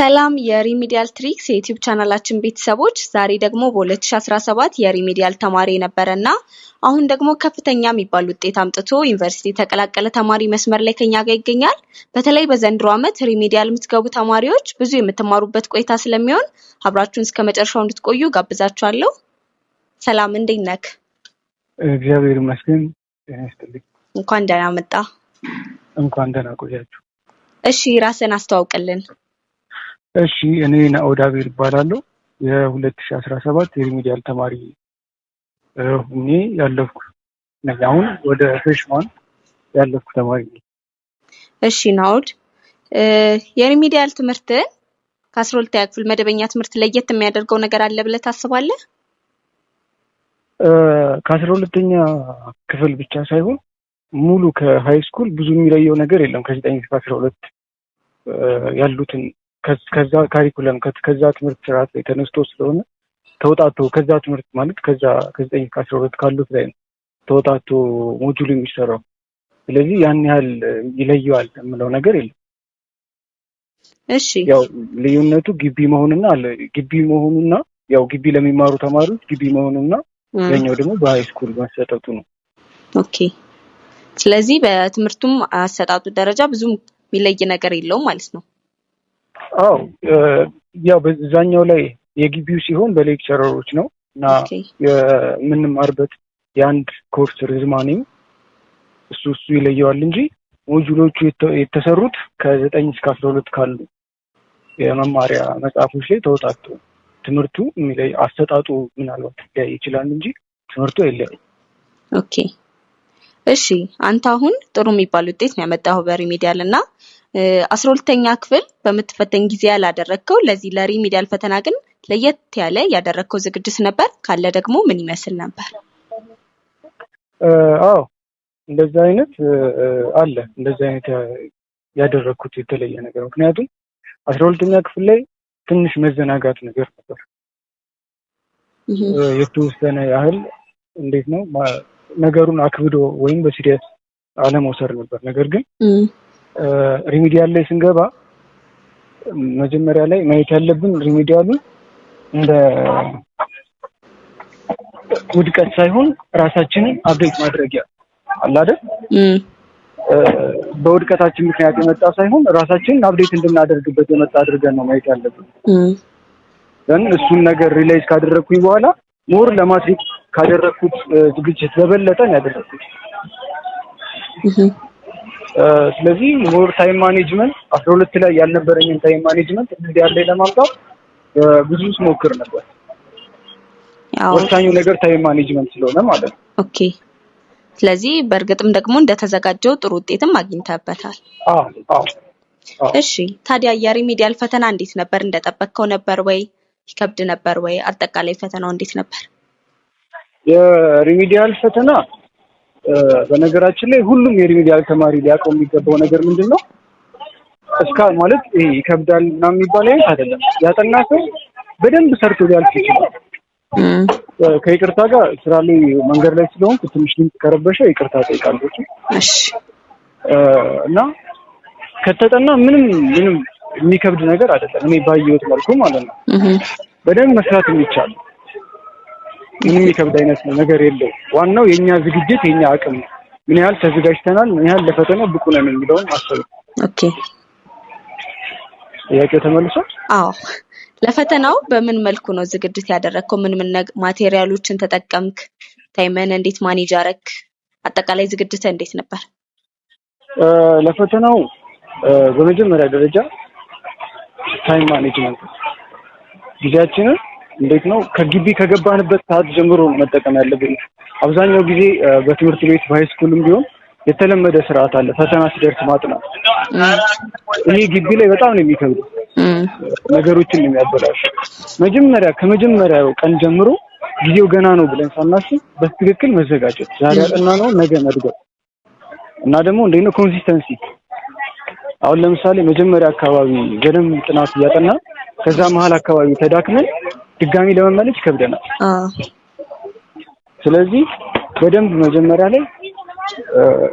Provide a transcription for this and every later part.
ሰላም የሪሚዲያል ትሪክስ የዩቲዩብ ቻናላችን ቤተሰቦች ዛሬ ደግሞ በ2017 የሪሚዲያል ተማሪ የነበረ እና አሁን ደግሞ ከፍተኛ የሚባል ውጤት አምጥቶ ዩኒቨርሲቲ የተቀላቀለ ተማሪ መስመር ላይ ከኛ ጋር ይገኛል። በተለይ በዘንድሮ ዓመት ሪሚዲያል የምትገቡ ተማሪዎች ብዙ የምትማሩበት ቆይታ ስለሚሆን አብራችሁን እስከ መጨረሻው እንድትቆዩ ጋብዛችኋለሁ። ሰላም እንዴት ነክ? እግዚአብሔር ይመስገን። እንኳን ደህና መጣ። እንኳን ደህና ቆያችሁ። እሺ ራስን አስተዋውቅልን። እሺ እኔ ናኦድ አቤል የ2017 የሪሚዲያል ተማሪ ሁኜ ያለፍኩ ነኝ። አሁን ወደ ፍሬሽማን ያለፍኩ ተማሪ ነኝ። እሺ ናውድ የሪሚዲያል ትምህርት ከአስራ ሁለተኛ ክፍል መደበኛ ትምህርት ለየት የሚያደርገው ነገር አለ ብለ ታስባለ ከአስራ ሁለተኛ ክፍል ብቻ ሳይሆን ሙሉ ከሃይ ስኩል ብዙ የሚለየው ነገር የለም። ከዘጠኝ ከአስራ ሁለት ያሉትን ከዛ ካሪኩለም ከዛ ትምህርት ስርዓት ላይ ተነስቶ ስለሆነ ተወጣቶ ከዛ ትምህርት ማለት ከዛ ከዘጠኝ ከአስራ ሁለት ካሉት ላይ ነው ተወጣቶ ሞጁል የሚሰራው። ስለዚህ ያን ያህል ይለየዋል የምለው ነገር የለም። እሺ ያው ልዩነቱ ግቢ መሆኑና አለ ግቢ መሆኑና ያው ግቢ ለሚማሩ ተማሪዎች ግቢ መሆኑና ያኛው ደግሞ በሀይ ስኩል መሰጠቱ ነው። ኦኬ ስለዚህ በትምህርቱም አሰጣጡ ደረጃ ብዙም የሚለይ ነገር የለውም ማለት ነው። አዎ ያው በዛኛው ላይ የግቢው ሲሆን በሌክቸረሮች ነው እና የምንማርበት የአንድ ኮርስ ርዝማኔው እሱ እሱ ይለየዋል እንጂ ሞጁሎቹ የተሰሩት ከዘጠኝ እስከ አስራ ሁለት ካሉ የመማሪያ መጽሐፎች ላይ ተወጣጡ። ትምህርቱ የሚለይ አሰጣጡ ምናልባት ሊያይ ይችላል እንጂ ትምህርቱ አይለያይም። ኦኬ እሺ፣ አንተ አሁን ጥሩ የሚባል ውጤት ነው ያመጣኸው ሚዲያል እና አስራ ሁለተኛ ክፍል በምትፈተን ጊዜ ያላደረግከው ለዚህ ለሪሚዲያል ፈተና ግን ለየት ያለ ያደረግከው ዝግጅት ነበር ካለ ደግሞ ምን ይመስል ነበር? አዎ እንደዚህ አይነት አለ። እንደዚህ አይነት ያደረግኩት የተለየ ነገር ምክንያቱም አስራ ሁለተኛ ክፍል ላይ ትንሽ መዘናጋት ነገር ነበር። የተወሰነ ያህል እንዴት ነው ነገሩን አክብዶ ወይም በሲሪየስ አለመውሰድ ነበር። ነገር ግን ሪሚዲያል ላይ ስንገባ መጀመሪያ ላይ ማየት ያለብን ሪሚዲያሉ እንደ ውድቀት ሳይሆን ራሳችንን አብዴት ማድረጊያ አለ በውድቀታችን ምክንያት የመጣ ሳይሆን ራሳችንን አብዴት እንድናደርግበት የመጣ አድርገን ነው ማየት ያለብን። ን እሱን ነገር ሪላይዝ ካደረግኩኝ በኋላ ሞር ለማትሪክ ካደረግኩት ዝግጅት በበለጠን ያደረግኩት ስለዚህ ሞር ታይም ማኔጅመንት አስራ ሁለት ላይ ያልነበረኝን ታይም ማኔጅመንት እዚህ ያለ ለማምጣት ብዙ ስሞክር ነበር። ወሳኙ ነገር ታይም ማኔጅመንት ስለሆነ ማለት ነው። ኦኬ። ስለዚህ በእርግጥም ደግሞ እንደተዘጋጀው ጥሩ ውጤትም አግኝተበታል። አዎ፣ እሺ፣ ታዲያ የሪሚዲያል ፈተና እንዴት ነበር? እንደጠበቅከው ነበር ወይ? ይከብድ ነበር ወይ? አጠቃላይ ፈተናው እንዴት ነበር? የሪሚዲያል ፈተና በነገራችን ላይ ሁሉም የሪሚዲያል ተማሪ ሊያውቀው የሚገባው ነገር ምንድን ነው? እስካ ማለት ይሄ ይከብዳል ምናምን የሚባል አይነት አይደለም። ያጠና ሰው በደንብ ሰርቶ ሊያልፍ ይችላል። ከይቅርታ ጋር ስራ ላይ መንገድ ላይ ስለሆንኩ ትንሽ ድምፅ ከረበሸ ይቅርታ ጠይቃለች እና ከተጠና ምንም ምንም የሚከብድ ነገር አይደለም። እኔ ባየሁት መልኩ ማለት ነው በደንብ መስራት የሚቻል ምንም የሚከብድ አይነት ነው ነገር የለው። ዋናው የእኛ ዝግጅት የኛ አቅም ነው። ምን ያህል ተዘጋጅተናል፣ ምን ያህል ለፈተናው ብቁ ነን የሚለውን ማሰብ። ኦኬ፣ ጥያቄው ተመልሶ። አዎ። ለፈተናው በምን መልኩ ነው ዝግጅት ያደረግከው? ምን ምን ማቴሪያሎችን ተጠቀምክ? ታይመን እንዴት ማኔጅ አረክ? አጠቃላይ ዝግጅት እንዴት ነበር? ለፈተናው በመጀመሪያ ደረጃ ታይም ማኔጅመንት ጊዜያችንን እንዴት ነው ከግቢ ከገባንበት ሰዓት ጀምሮ መጠቀም ያለብን። አብዛኛው ጊዜ በትምህርት ቤት በሃይስኩልም ቢሆን የተለመደ ስርዓት አለ። ፈተና ሲደርስ ማጥናት። ይሄ ግቢ ላይ በጣም ነው የሚከብዱ ነገሮችን የሚያበላሹ። መጀመሪያ ከመጀመሪያው ቀን ጀምሮ ጊዜው ገና ነው ብለን ሳናስብ በትክክል መዘጋጀት፣ ዛሬ ያጠና ነው ነገ መድገም እና ደግሞ እንዴት ነው ኮንሲስተንሲ አሁን ለምሳሌ መጀመሪያ አካባቢ በደንብ ጥናት እያጠና ከዛ መሀል አካባቢ ተዳክመን ድጋሚ ለመመለስ ይከብደናል። ስለዚህ በደንብ መጀመሪያ ላይ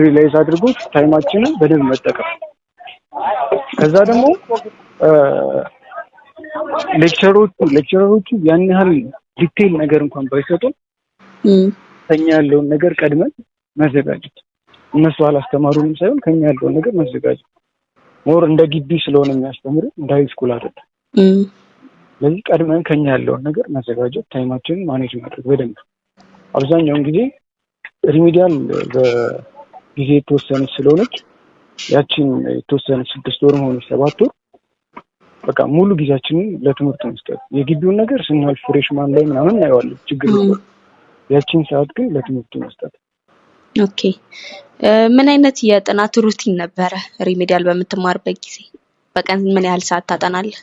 ሪላይዝ አድርጎት ታይማችንን በደንብ መጠቀም ከዛ ደግሞ ሌክቸሮቹ ሌክቸሮቹ ያን ያህል ዲቴይል ነገር እንኳን ባይሰጡም ከኛ ያለውን ነገር ቀድመን መዘጋጀት እነሱ አላስተማሩንም ሳይሆን ከኛ ያለውን ነገር መዘጋጀት ሞር እንደ ግቢ ስለሆነ የሚያስተምሩ እንደ ሃይ ስኩል አይደለም። ስለዚህ ቀድመን ከኛ ያለውን ነገር ማዘጋጀት፣ ታይማችንን ማኔጅ ማድረግ በደንብ አብዛኛውን ጊዜ ሪሚዲያል በጊዜ የተወሰነች ስለሆነች ያችን የተወሰነች ስድስት ወር መሆኑ ሰባት ወር በቃ ሙሉ ጊዜያችንን ለትምህርት መስጠት። የግቢውን ነገር ስናልፍ ፍሬሽማን ላይ ምናምን አይዋለ ችግር ያችን ሰዓት ግን ለትምህርቱ መስጠት። ኦኬ ምን አይነት የጥናት ሩቲን ነበረ? ሪሚዲያል በምትማርበት ጊዜ በቀን ምን ያህል ሰዓት ታጠናለህ?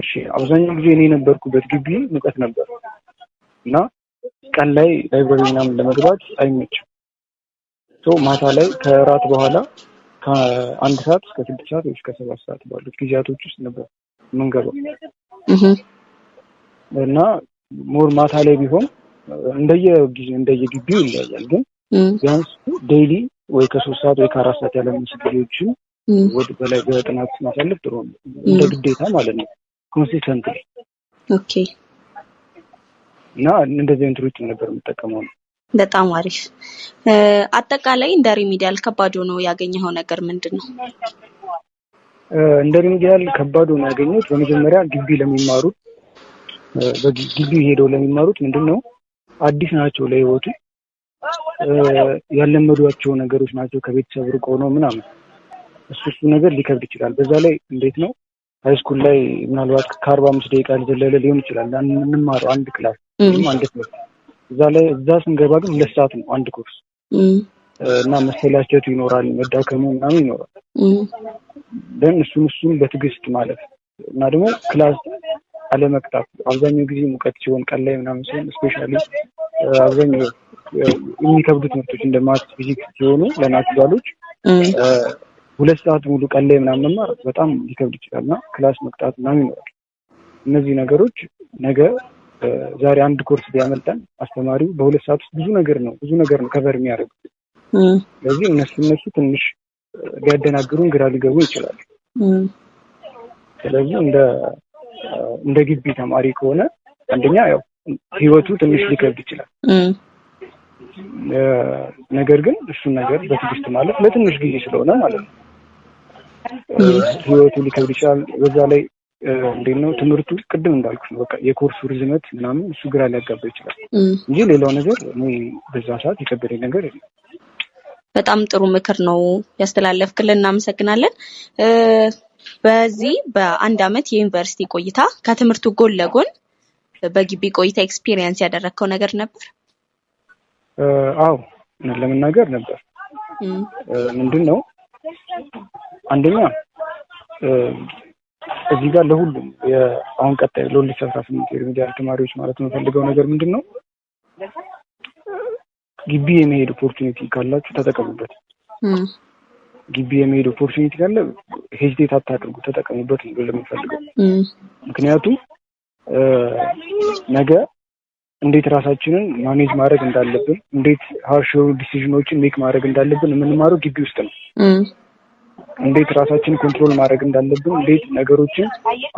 እሺ አብዛኛው ጊዜ እኔ የነበርኩበት ግቢ ሙቀት ነበር እና ቀን ላይ ላይብረሪ ምናምን ለመግባት አይመችም። ሶ ማታ ላይ ከእራት በኋላ ከአንድ ሰዓት እስከ ስድስት ሰዓት ወይ እስከ ሰባት ሰዓት ባሉት ጊዜያቶች ውስጥ ነበር የምንገባው እና ሞር ማታ ላይ ቢሆን እንደየ እንደየ ግቢው ይለያያል። ግን ቢያንስ ዴይሊ ወይ ከሶስት ሰዓት ወይ ከአራት ሰዓት ያለምስ ጊዜዎችን ወደ በላይ በጥናት ማሳለፍ ጥሩ ነው፣ እንደ ግዴታ ማለት ነው። ኮንሲስተንት ኦኬ። እና እንደዚህ አይነት ነበር የምጠቀመው ነው። በጣም አሪፍ። አጠቃላይ እንደ ሪሚዲያል ከባድ ሆኖ ያገኘኸው ነገር ምንድን ነው? እንደ ሪሚዲያል ከባድ ሆኖ ያገኘሁት በመጀመሪያ ግቢ ለሚማሩት በግቢ ሄደው ለሚማሩት ምንድን ነው አዲስ ናቸው ለህይወቱ ያለመዷቸው ነገሮች ናቸው ከቤተሰብ ርቆ ነው ምናምን እሱ እሱ ነገር ሊከብድ ይችላል። በዛ ላይ እንዴት ነው ሃይስኩል ላይ ምናልባት ከአርባ አምስት ደቂቃ ልዘለለ ሊሆን ይችላል የምንማረው አንድ ክላስ ወይም አንድ ክላስ እዛ ላይ እዛ ስንገባ ግን ሁለት ሰዓት ነው አንድ ኮርስ እና መሰላቸቱ ይኖራል፣ መዳከሙ ምናምን ይኖራል። ደን እሱን እሱን በትግስት ማለት እና ደግሞ ክላስ አለመቅጣት አብዛኛው ጊዜ ሙቀት ሲሆን ቀን ላይ ምናምን ሲሆን ስፔሻ አብዛኛው የሚከብዱ ትምህርቶች እንደ ማት ፊዚክስ ሲሆኑ ለናቹራሎች ሁለት ሰዓት ሙሉ ቀን ላይ ምናምን መማር በጣም ሊከብድ ይችላል እና ክላስ መቅጣት ምናምን ይኖራል። እነዚህ ነገሮች ነገ ዛሬ አንድ ኮርስ ቢያመልጠን አስተማሪው በሁለት ሰዓት ውስጥ ብዙ ነገር ነው ብዙ ነገር ነው ከበር የሚያደርጉት። ስለዚህ እነሱ እነሱ ትንሽ ሊያደናግሩን ግራ ሊገቡ ይችላሉ። ስለዚህ እንደ እንደ ግቢ ተማሪ ከሆነ አንደኛ ያው ህይወቱ ትንሽ ሊከብድ ይችላል። ነገር ግን እሱን ነገር በትዕግስት ማለት ለትንሽ ጊዜ ስለሆነ ማለት ነው ህይወቱ ሊከብድ ይችላል። በዛ ላይ እንዴት ነው ትምህርቱ ቅድም እንዳልኩት ነው በቃ የኮርሱ ርዝመት ምናምን እሱ ግራ ሊያጋባ ይችላል እንጂ ሌላው ነገር እኔ በዛ ሰዓት የከበደኝ ነገር የለም። በጣም ጥሩ ምክር ነው ያስተላለፍክልን፣ እናመሰግናለን። በዚህ በአንድ አመት የዩኒቨርሲቲ ቆይታ ከትምህርቱ ጎን ለጎን በግቢ ቆይታ ኤክስፒሪየንስ ያደረግከው ነገር ነበር? አዎ ለመናገር ነበር። ምንድን ነው አንደኛ እዚህ ጋር ለሁሉም አሁን ቀጣይ ለሁለት ሺ አስራ ስምንት የሪሚዲያል ተማሪዎች ማለት የምፈልገው ነገር ምንድን ነው፣ ግቢ የመሄድ ኦፖርቹኒቲ ካላችሁ ተጠቀሙበት። ግቢ የመሄድ ኦፖርቹኒቲ ካለ ሄጅቴት አታድርጉ፣ ተጠቀሙበት ነው ለምፈልገው። ምክንያቱም ነገ እንዴት ራሳችንን ማኔጅ ማድረግ እንዳለብን፣ እንዴት ሀርሽ ዲሲዥኖችን ሜክ ማድረግ እንዳለብን የምንማረው ግቢ ውስጥ ነው። እንዴት ራሳችን ኮንትሮል ማድረግ እንዳለብን፣ እንዴት ነገሮችን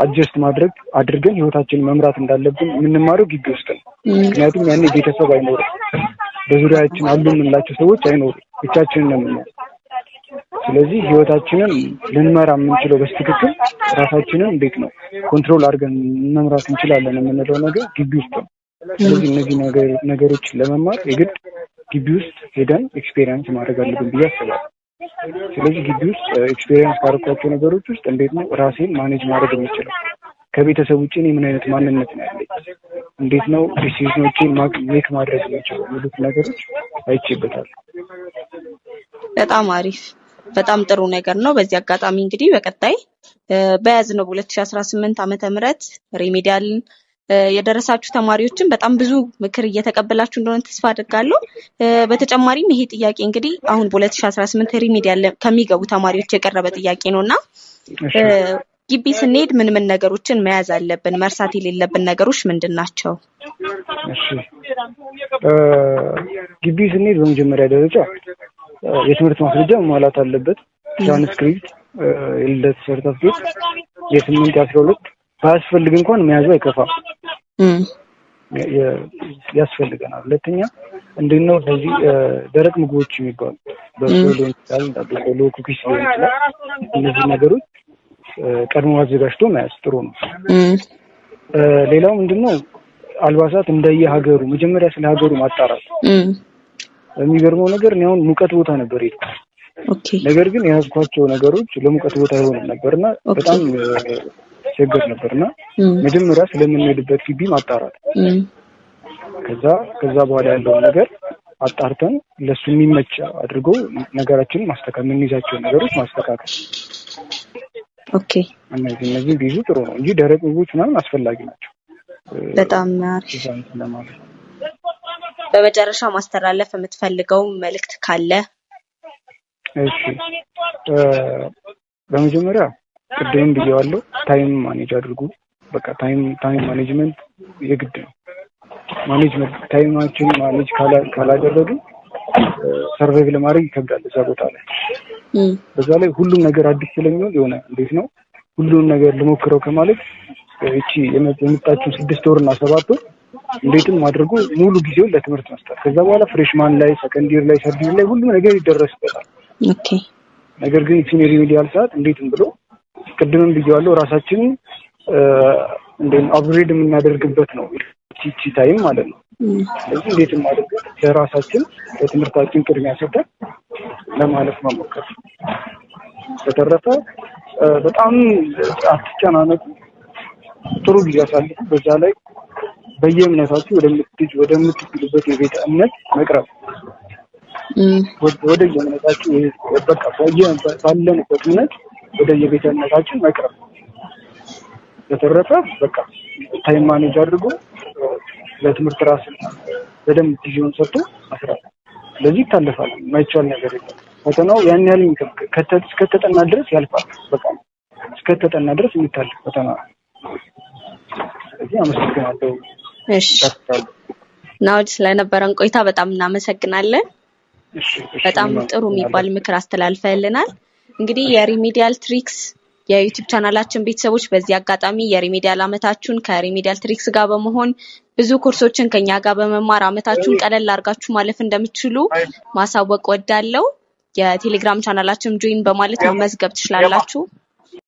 አጀስት ማድረግ አድርገን ህይወታችን መምራት እንዳለብን የምንማረው ግቢ ውስጥ ነው። ምክንያቱም ያኔ ቤተሰብ አይኖርም፣ በዙሪያችን አሉ የምንላቸው ሰዎች አይኖሩም፣ ብቻችንን ነው ስለዚህ ህይወታችንን ልንመራ የምንችለው በስትክክል ራሳችንን እንዴት ነው ኮንትሮል አድርገን መምራት እንችላለን የምንለው ነገር ግቢ ውስጥ ነው። ስለዚህ እነዚህ ነገሮችን ለመማር የግድ ግቢ ውስጥ ሄደን ኤክስፔሪንስ ማድረግ አለብን ብዬ አስባለሁ። ስለዚህ ግቢ ውስጥ ኤክስፔሪየንስ ካደረኳቸው ነገሮች ውስጥ እንዴት ነው ራሴን ማኔጅ ማድረግ የሚችለው? ከቤተሰብ ውጭ እኔ ምን አይነት ማንነት ነው ያለኝ፣ እንዴት ነው ዲሲዥኖችን ሜክ ማድረግ የሚችለው? የሚሉት ነገሮች አይችበታል። በጣም አሪፍ በጣም ጥሩ ነገር ነው። በዚህ አጋጣሚ እንግዲህ በቀጣይ በያዝነው በ2018 ዓመተ ምህረት ሪሜዲያልን የደረሳችሁ ተማሪዎችን በጣም ብዙ ምክር እየተቀበላችሁ እንደሆነ ተስፋ አድርጋለሁ። በተጨማሪም ይሄ ጥያቄ እንግዲህ አሁን በ2018 ሪሚዲያል ከሚገቡ ተማሪዎች የቀረበ ጥያቄ ነው እና ግቢ ስንሄድ ምን ምን ነገሮችን መያዝ አለብን? መርሳት የሌለብን ነገሮች ምንድን ናቸው? ግቢ ስንሄድ በመጀመሪያ ደረጃ የትምህርት ማስረጃ መሟላት አለበት። ትራንስክሪፕት፣ የልደት ሰርተፍኬት፣ የስምንት የአስራ ሁለት ባያስፈልግ እንኳን መያዙ አይከፋም። ያስፈልገናል። ሁለተኛ እንድን ነው ደረቅ ምግቦች የሚባሉ በሶ ሊሆን ይችላል፣ ዳቦሎ፣ ኩኪስ ሊሆን ይችላል። እነዚህ ነገሮች ቀድሞ አዘጋጅቶ መያዝ ጥሩ ነው። ሌላው ምንድን ነው አልባሳት እንደየሀገሩ መጀመሪያ ስለ ሀገሩ ማጣራት። የሚገርመው ነገር እኔ አሁን ሙቀት ቦታ ነበር ሄድኩት ነገር ግን የያዝኳቸው ነገሮች ለሙቀት ቦታ አይሆንም ነበር እና በጣም ቸገር ነበር እና መጀመሪያ ስለምንሄድበት ግቢ ማጣራት ከዛ ከዛ በኋላ ያለውን ነገር አጣርተን ለሱ የሚመች አድርጎ ነገራችንን ማስተካከል የምንይዛቸው ነገሮች ማስተካከል። ኦኬ እነዚህ እነዚህ ቢይዙ ጥሩ ነው እንጂ ደረቅ ምግቦች ምናምን አስፈላጊ ናቸው። በጣም በመጨረሻ ማስተላለፍ የምትፈልገው መልእክት ካለ? እሺ በመጀመሪያ ቅድም ብዬዋለሁ። ታይም ማኔጅ አድርጉ። በቃ ታይም ታይም ማኔጅመንት የግድ ነው። ማኔጅመንት ታይማችን ማኔጅ ካላደረጉ ሰርቫይቭ ለማድረግ ይከብዳል እዛ ቦታ ላይ። በዛ ላይ ሁሉም ነገር አዲስ ስለሚሆን የሆነ እንዴት ነው ሁሉም ነገር ልሞክረው ከማለት እቺ የመጣችው ስድስት ወርና ሰባት ወር እንዴትም አድርጎ ሙሉ ጊዜውን ለትምህርት መስጠት። ከዛ በኋላ ፍሬሽማን ላይ፣ ሰከንዲር ላይ፣ ሰርድ ላይ ሁሉም ነገር ይደረስበታል። ነገር ግን ሪሚዲያል ሰዓት እንዴትም ብሎ ቅድምም ብያዋለሁ ራሳችን እንዴት አፕግሬድ የምናደርግበት ነው ቺቺ ታይም ማለት ነው። ስለዚህ እንዴት ማድረግ ለራሳችን ለትምህርታችን ቅድሚያ ሰጠን ለማለፍ መሞከር። በተረፈ በጣም አትጨናነቁ፣ ጥሩ ጊዜ አሳልፉ። በዛ ላይ በየእምነታችሁ ወደምትጅ ወደምትችሉበት የቤተ እምነት መቅረብ ወደ የእምነታችሁ በቃ ባለንበት እምነት ወደ የቤተነታችን መቅረብ። በተረፈ በቃ ታይም ማኔጅ አድርጎ ለትምህርት ራስ በደንብ ጊዜውን ሰጥቶ መስራት። ስለዚህ ይታለፋል፣ ማይቻል ነገር የለም። ፈተናው ያን ያህል እስከተጠና ድረስ ያልፋል። በቃ እስከተጠና ድረስ የሚታለፍ ፈተና ስለዚህ አመሰግናለሁ። ናኦድ ስለነበረን ቆይታ በጣም እናመሰግናለን። በጣም ጥሩ የሚባል ምክር አስተላልፈልናል። እንግዲህ የሪሚዲያል ትሪክስ የዩቲዩብ ቻናላችን ቤተሰቦች በዚህ አጋጣሚ የሪሚዲያል አመታችሁን ከሪሚዲያል ትሪክስ ጋር በመሆን ብዙ ኮርሶችን ከኛ ጋር በመማር አመታችሁን ቀለል አድርጋችሁ ማለፍ እንደምትችሉ ማሳወቅ ወዳለው። የቴሌግራም ቻናላችን ጆይን በማለት መመዝገብ ትችላላችሁ።